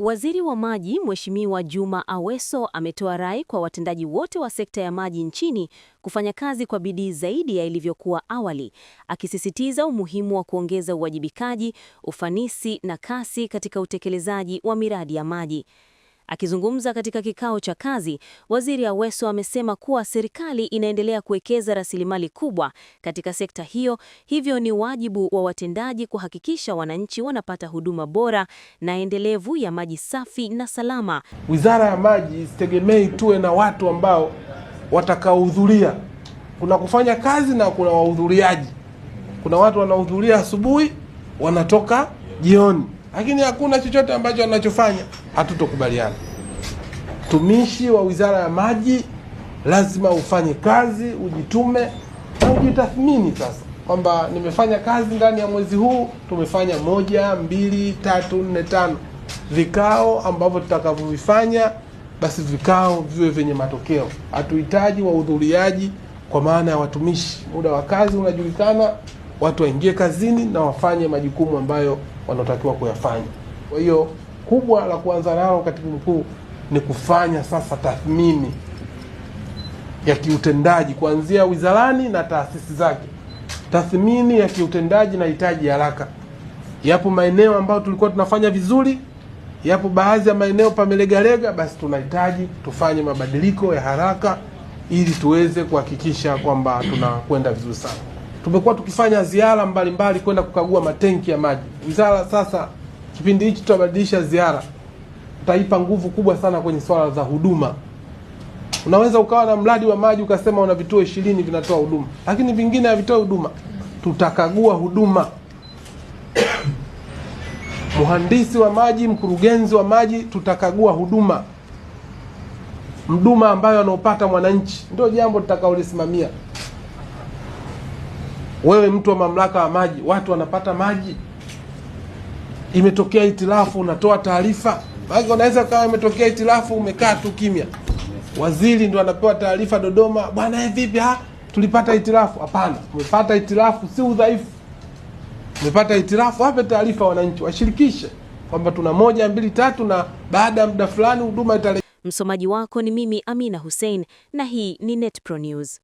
Waziri wa Maji Mheshimiwa Juma Aweso ametoa rai kwa watendaji wote wa sekta ya maji nchini kufanya kazi kwa bidii zaidi ya ilivyokuwa awali, akisisitiza umuhimu wa kuongeza uwajibikaji, ufanisi na kasi katika utekelezaji wa miradi ya maji. Akizungumza katika kikao cha kazi, Waziri Aweso amesema kuwa serikali inaendelea kuwekeza rasilimali kubwa katika sekta hiyo, hivyo ni wajibu wa watendaji kuhakikisha wananchi wanapata huduma bora na endelevu ya maji safi na salama. Wizara ya Maji isitegemei tuwe na watu ambao watakaohudhuria. Kuna kufanya kazi na kuna wahudhuriaji. Kuna watu wanahudhuria asubuhi, wanatoka jioni, lakini hakuna chochote ambacho wanachofanya. Hatutokubaliana mtumishi wa wizara ya maji lazima ufanye kazi, ujitume na ujitathmini sasa kwamba nimefanya kazi ndani ya mwezi huu, tumefanya moja, mbili, tatu, nne, tano. Vikao ambavyo tutakavyovifanya basi vikao viwe vyenye matokeo. Hatuhitaji wahudhuriaji kwa maana ya watumishi. Muda wa kazi unajulikana, watu waingie kazini na wafanye majukumu ambayo wanaotakiwa kuyafanya. Kwa hiyo kubwa la kuanza nalo, katibu mkuu, ni kufanya sasa tathmini ya kiutendaji kuanzia wizarani na taasisi zake. Tathmini ya kiutendaji na hitaji haraka. Yapo maeneo ambayo tulikuwa tunafanya vizuri, yapo baadhi ya maeneo pamelegalega, basi tunahitaji tufanye mabadiliko ya haraka ili tuweze kuhakikisha kwamba tunakwenda vizuri sana. Tumekuwa tukifanya ziara mbalimbali kwenda kukagua matenki ya maji. Wizara sasa, kipindi hichi tutabadilisha ziara utaipa nguvu kubwa sana kwenye swala za huduma. Unaweza ukawa na mradi wa maji ukasema una vituo ishirini vinatoa huduma, lakini vingine havitoi huduma. Tutakagua huduma. Mhandisi wa maji, mkurugenzi wa maji, tutakagua huduma, mduma ambayo anaopata mwananchi, ndio jambo tutakaolisimamia. Wewe mtu wa mamlaka wa maji, watu wanapata maji, imetokea itilafu, unatoa taarifa. Maana unaweza kama imetokea itilafu umekaa tu kimya. Waziri ndo anapewa taarifa Dodoma, bwana eh, vipi ha? Tulipata itilafu. Hapana, umepata itilafu si udhaifu. Umepata itilafu, wape taarifa wananchi, washirikishe kwamba tuna moja mbili tatu, na baada ya muda fulani huduma italejea. Msomaji wako ni mimi Amina Hussein, na hii ni NetPro News.